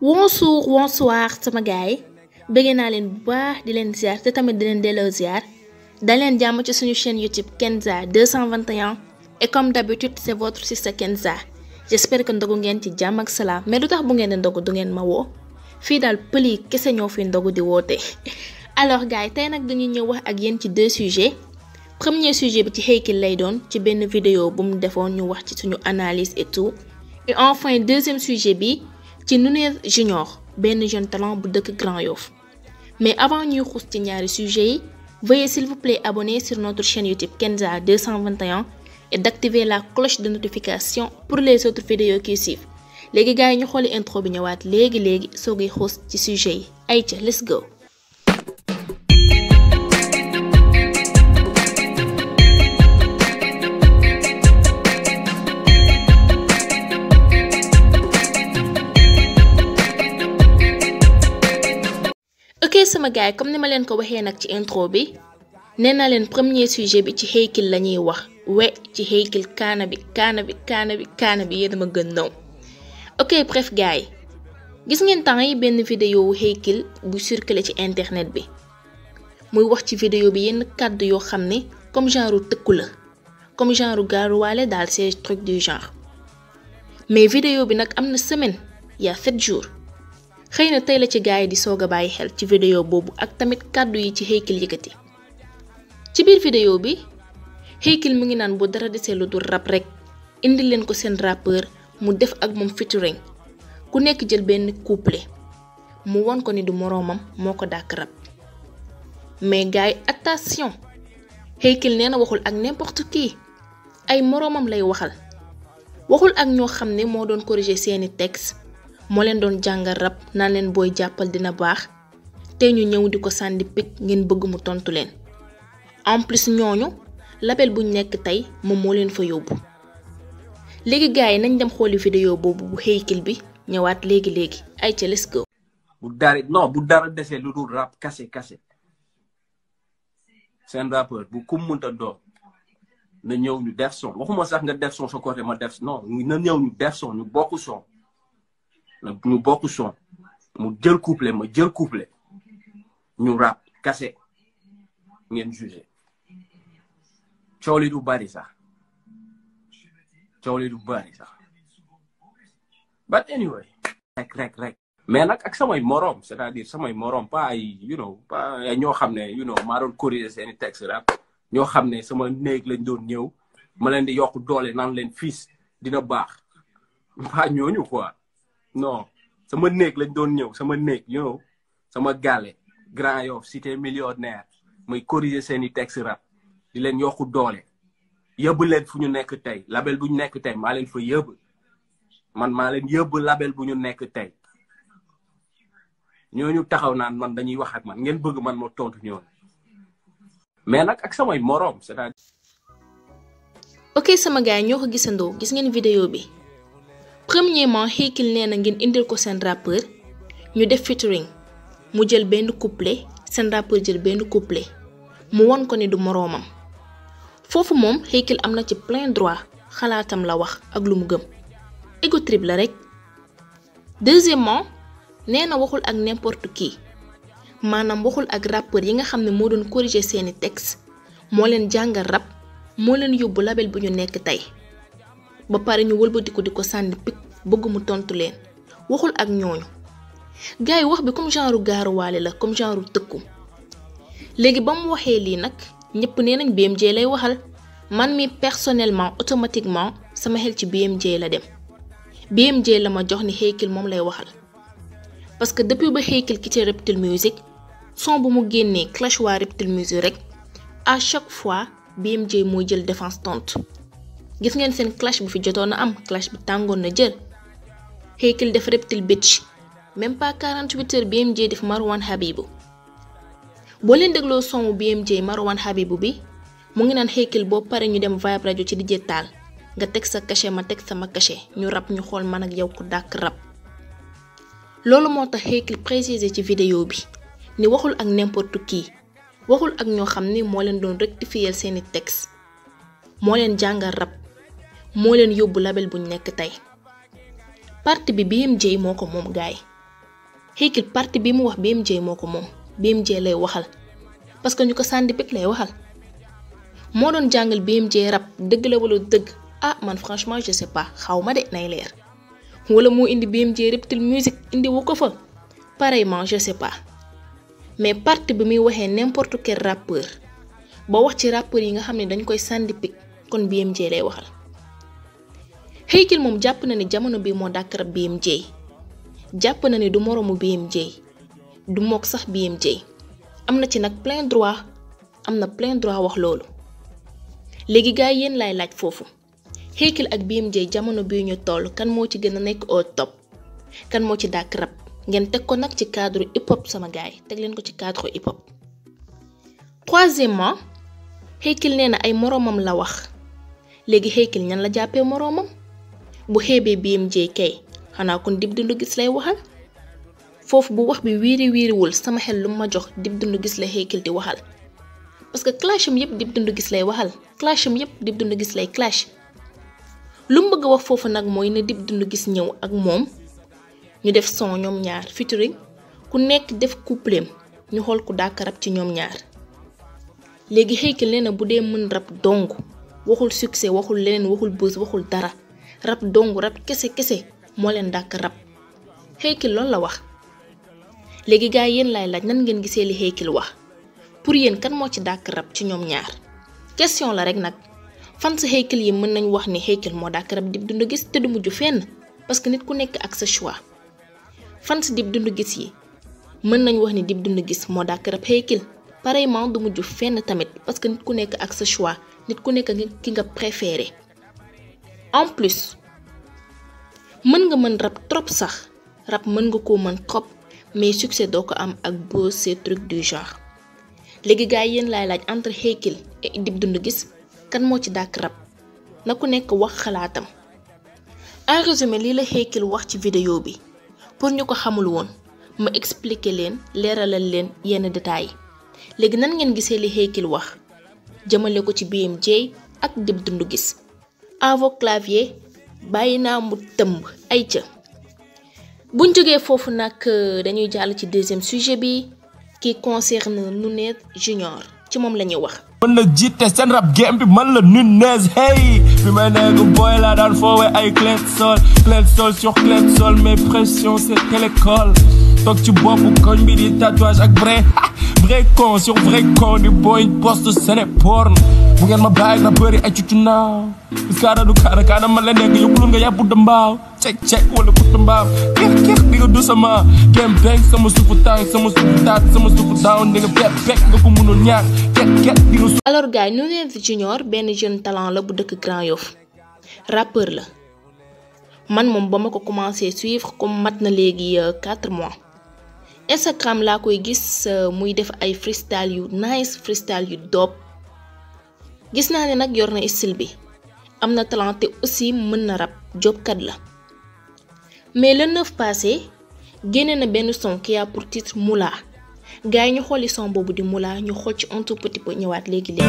bonjour bonsoir sama gaay bëggee naa leen bu baax di leen ziar te tamit di leen delloo ziar Da leen jamm ci suñu chaîne YouTube Kenza 221 et comme d'habitude c'est votre sister Kenza j'espère que ndogu ngeen ci jamm ak salaam mais lutax bu ngeen di ndogu du ngeen ma wo. Fi dal pël kessé ñoo fi ndogu di woote alors gaay tey nak dañuy ñëw wax ak yéen ci deux sujets premier sujet bi ci Hakill lay doon ci benn vidéo bu mu defoon ñu wax ci suñu analyse et tout et enfin deuxième sujet bi ci Junior benn jeune talent bu dëkk Grand mais avant de xuus ci ñaari sujet, yi veuillez s'il vous plaît abonner sur notre chaîne YouTube Kenza 221 et d'activer la cloche de notification pour les autres vidéos qui suivent léegi gars yi ñu xooli intro bi ñëwaat léegi léegi sujet yi let's go. ok sama gars yi comme ni ma leen ko waxee nag ci intro bi nee naa leen premier sujet bi ci Hakill la ñuy wax we ci Hakill kaana bi kaana bi kaana bi kaana bi yéen a ma gën naw ok bref gars yi gis ngeen temps yi benn vidéo wu Hakill bu circulé ci internet bi muy wax ci vidéo bi yenn kàddu yoo xam ne comme genre tëkku la comme genre gaaruwaale daal ces trucs du genre mais vidéo bi nag am na semaine y a sept jours xeyna tay la ci gaay di soga baye xel ci vidéo bobu ak tamit kàddu yi ci Hakill yëkëti ci biir vidéo bi Hakill mu ngi naan bu dara desee selu dul rap rek indi leen ko seen rappeur mu def ak moom featuring ku nekk jël benn couplet mu won ko ni du moromam moko dak rap mais gaay attention Hakill neena waxul ak n'importe qui ay moromam lay waxal waxul ak ñoo xamne mo doon corriger seeni texte moo leen doon jàngal rab naa leen booy jàppal dina baax te ñu ñëw di ko sànni picc ngeen bëgg mu tontu leen en plus ñooñu label buñ nekk tey moom moo leen fa yóbbu. léegi gars yi nañ dem xooli vidéo boobu bu Hakill bi ñëwaat léegi léegi ay ca bu dara non bu dara desee lu dul rap kase kase seen rappeur bu kum mënta doon na ñëw ñu def son waxuma sax nga def son sa côté ma def non na ñëw ñu def son ñu bokk son. ñu bokk son mu jël couplé ma jël couplé ñu rap kase ngeen jugé cooli li du bari sax coow li du bari sax but anyway rek rek rek mais nag ak samay morom c'est-à-dire samay morom pas ay you know ñoo xam ne you know maa doon corriger seeni texte rap ñoo xam ne sama néeg lañ doon ñëw ma leen di yokk doole naan leen fiis dina baax ba ñooñu quoi No. Sama néeg lañ doon ñëw sama néeg you know sama gàlle Grand Yoff cité millionnaire muy corriger seen i texte rap di leen yokku doole yëbb leen fu ñu nekk tey label bu ñu nekk tey maa leen fa yëbb man maa leen yëbb label bu ñu nekk tey ñooñu taxaw naan man dañuy wax ak man ngeen bëgg man moo tontu ñooñu mais nag ak samay moroom c'est-à-dire ok sama gars ñoo ko gisandoo gis ngeen video bi premièrement Hakill nee na ngeen indil ko seen rappeur ñu def featuring mu jël benn couplet seen rappeur jël benn couplet mu won ko ni du moroomam foofu moom Hakill am na ci plein droit xalaatam la wax ak lu mu gëm ego trip la rek. deuxièmement nee na waxul ak n'importe qui maanaam waxul ak rappeur yi nga xam ne moo doon corriger seeni texte moo leen jàngal rap moo leen yóbbu label bu ñu nekk tey. ba pare ñu wëlbatiku di ko sànni pik bëgg tontu leen waxul ak ñooñu gars yi wax bi comme genre gaaruwaale la comme genre tëkku léegi ba mu waxee lii nag ñëpp nee nañ BMJ lay waxal man mi personnellement automatiquement sama xel ci BMJ la dem BMJ la ma jox ni Hakill moom lay waxal parce que depuis ba Hakill quitté Reptile Music son bu mu génnee clash waa Reptile Music rek à chaque fois BMJ mooy jël defense tont gis ngeen seen clash bu fi jotoon na am clash bi tàngoon na jër Haykal def Reptyle Beach même pas 48 heures BMJ def Marwan Habibu boo leen dégloo songu BMJ Marwan Habibu bi mu ngi naan Haykal boo pare ñu dem Vibe Radio ci DJ Tall nga teg sa cachet ma teg sama cachet ñu rab ñu xool man ak yow ku dàkk rab loolu moo tax Haykal précisé ci vidéo bi ni waxul ak n'importe qui waxul ak ñoo xam ni moo leen doon rectifier seeni texte moo leen jàngal rab moo leen yóbbu label buñ nekk tey parti bi BMJ moo ko moom gaay Hegel parti bi mu wax BMJ moo ko BMJ lay waxal parce que ñu ko scientifique lay waxal moo doon jàngal BMJ rab dëgg la wala dëgg ah man franchement je sais pas xaw ma de nay leer wala moo indi BMJ reptile music indi wu ko fa pareillement je sais pas mais parti bi muy waxee n'importe quel rappeur ba wax ci rappeur yi nga xam dañ koy kon BMJ lay waxal Hakill moom jàpp na ni jamono bii moo dàkk rab BM Jaay jàpp na ni du moroomu BM Jaay du mook sax BM Jaay am na ci nag plein droit am na plein droit wax loolu léegi gars yenn lay laaj foofu Hakill ak BM Jaay jamono bii ñu toll kan moo ci gën a nekk au top kan moo ci dàkk rab ngeen teg ko nag ci cadre hip hop sama gars yi teg leen ko ci cadre hip hop. troisièmement na ay moroomam la wax léegi Hakill ñan la jàppee moroomam. bu xeebee BMJK xanaa kon dib dundu gis lay waxal foofu bu wax bi wiiri wiiriwul sama xel lu ma jox dib dundu gis la Hakill di waxal parce que clash yëpp dib dundu gis lay waxal clash yëpp dib dundu gis lay clash lu mu bëgg a wax foofa nag mooy na dib dundu gis ñëw ak moom ñu def son ñoom ñaar featuring ku nekk def coupleem ñu xool ku dàkk rab ci ñoom ñaar léegi Hakill nee na bu dee mën rab dong waxul succès waxul leneen waxul buzz waxul dara rab dongu rab kese kese moo leen dàq rab Haeckel loolu la wax léegi gars yéen laay laaj nan ngeen gisee li Haeckel wax pour yéen kan moo ci dàq rab ci ñoom ñaar question la rek nag fans Haeckel yi mën nañ wax ni Haeckel moo dàq rab Dip Doundou gis te du mujj fenn parce que nit ku nekk ak sa choix fans Dip Doundou Guiss yi mën nañ wax ni Dip Doundou Guiss moo dàq rab Haeckel pareillement du mujj fenn tamit parce que nit ku nekk ak sa choix nit ku nekk ki nga préféré en plus mën nga mën rap trop sax rap mën nga koo mën trop mais succès doo ko am ak boo ces du genre léegi gars yi yéen laay laaj entre Hakill et Dip gis Guiss kan moo ci dàkk rap na ku nekk wax xalaatam en résumé lii la Hakill wax ci vidéo bi pour ñu ko xamul woon ma expliquer leen leeralal leen yenn détails léegi nan ngeen gisee li Hakill wax jëmale ko ci BM Jaay ak Dip Doundou gis avo clavier claviers naa mu tëmb ay ca buñ jógee foofu nag euh, dañuy jàll ci deuxième sujet bi qui concerne Nunez Junior ci moom la ñuy wax. mën la jiite seen rap game bi mën la Nunez hey bi may nekk booy laa daan foowee ay clé de sol clé de sol sur clé de sol mais pression c'est télécole toog ci boppu koñ bi di tatouage ak vrai vrai con sur vrai con du boy poste c'est sene porn bu ngeen ma bàyyi na bëri ay cuccu naaw kaara du kaara kaara ma la nekk yóbbulul nga yàpp dambaaw cek cek wala ku dambaaw keex keex di do du sama kem beng sama suufu tàng sama suufu taat sama suufu daaw di nga bekk nga ko mënul ñaar ket ket di alors gars nous neen fi junior ben jeune talent la bu dëkk Grand Yoff Rapper la man moom bama ko commencer suivre comme mat na léegi 4 euh, mois Instagram laa koy gis euh, muy def ay freestyle yu nice freestyle yu dope gis naa ne nag yor na style bi am na talent te aussi mën na rab jobkat la mais le 9 passé génne na benn son qui a pour titre Moula gars yi ñu xooli son boobu di mula ñu xool ci un tout ñëwaat léegi léegi.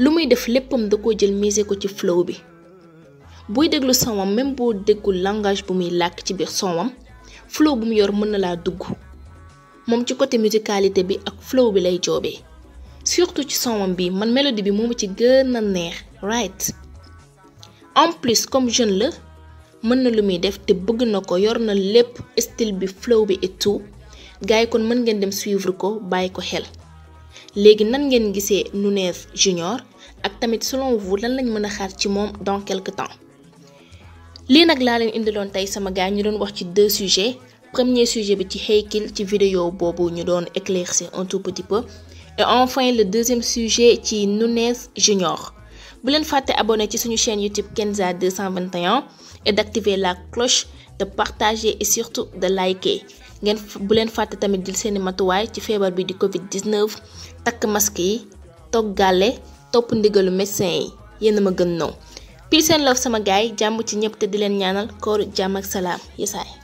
lu muy def léppam da koo jël miser ko ci flow bi booy déglu somam même boo déggul langage bu muy làkk ci biir sonwam flow bu mu yor mën na laa dugg moom ci côté musicalité bi ak flow bi lay joobee surtout ci sonwam bi man mélodie bi moom ci gën a neex right en plus comme jeune la mën na lu muy def te bëgg na ko yor na lépp style bi flow bi et tout gars yi kon mën ngeen dem suivre ko bàyyi ko xel léegi nan ngeen gisee Nunez Junior ak tamit selon vous lan lañ mën a xaar ci moom dans quelque temps lii nag laa leen indiloon tey sama gars ñu doon wax ci deux sujets premier sujet bi ci Hakill ci vidéo boobu ñu doon éclaircir un tout petit peu et enfin le deuxième sujet ci Nunez Junior bu leen fàtte abonné ci suñu chaîne YouTube Kenza 221 et d'activer la cloche de partager et surtout de liker ngeen bu leen fàtte tamit jël seeni matuwaay ci feebar bi di Covid 19 takk masque yi toggale topp ndigalu médecin yi yéen ma gën naw peace seen love sama gaay jàmm ci ñëpp te di leen ñaanal kooru jàmm ak salaam yesaay